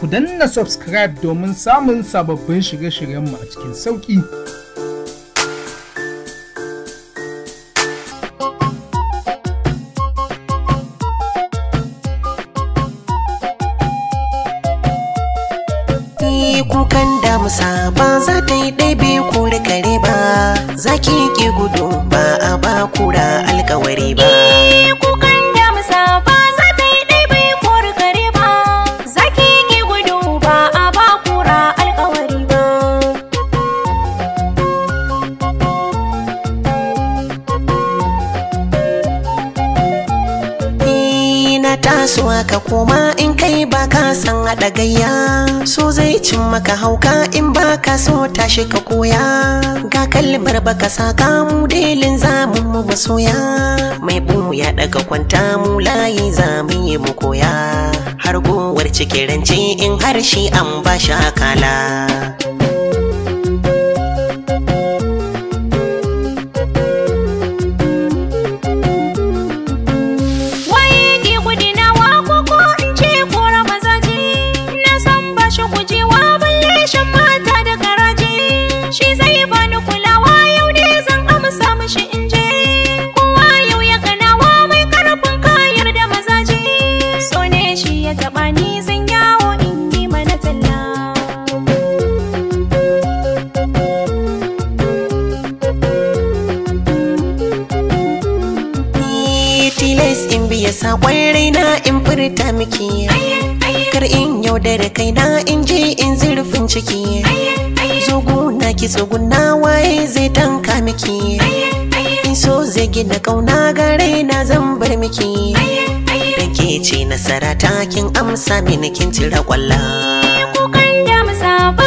ku danna subscribe domin samun sababbin shirye-shiryenmu a cikin sauƙi. kukan damsa ba za ta yi ɗaiɓe kore kare ba za ki ki gudu ba a bakura alkawari ba kasuwa ka koma in kai ba ka san haɗa gayya so zai cin maka hauka in ba ka so tashi ka koya ga kalmar baka saka mu delin zamun mu masoya mai bumu ya daga kwanta mu layi zamu yi mu koya har gowar cikin rance in harshe an ba shi akala yasa saƙon raina in furta miki kar in yaudara kaina in je in zurfin ciki zoguna ki zoguna waye zai tanka miki in so zai gina kauna ga raina zan bar miki da ke ce nasara takin kin amsa mini kin cire kwalla kukan da musafa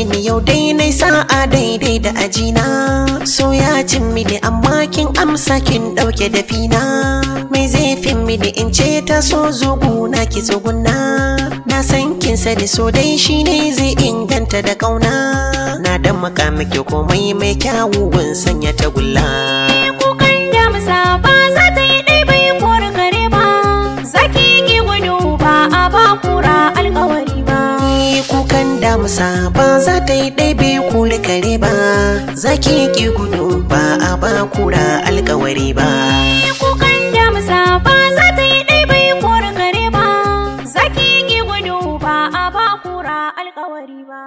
mini yau dai nai sa'a daidai da ajina so ya cin mini amma kin amsa kin dauke da fina mai zaifin mini in ce ta so Na ki tsuguna na san kin sani so dai shi ne zai inganta da kauna na dan makamaki komai mai kyawu gun sanya tagulla gaya masa ba za ta yi ɗaibe kuli kare ba za ki ki gudu ba a ba kura ba da ba za ta yi kare ba za ki ki gudu ba a ba kura alkawari ba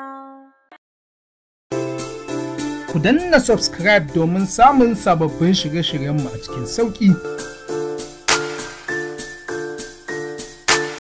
ku danna subscribe domin samun sababbin shirye-shiryenmu a cikin sauƙi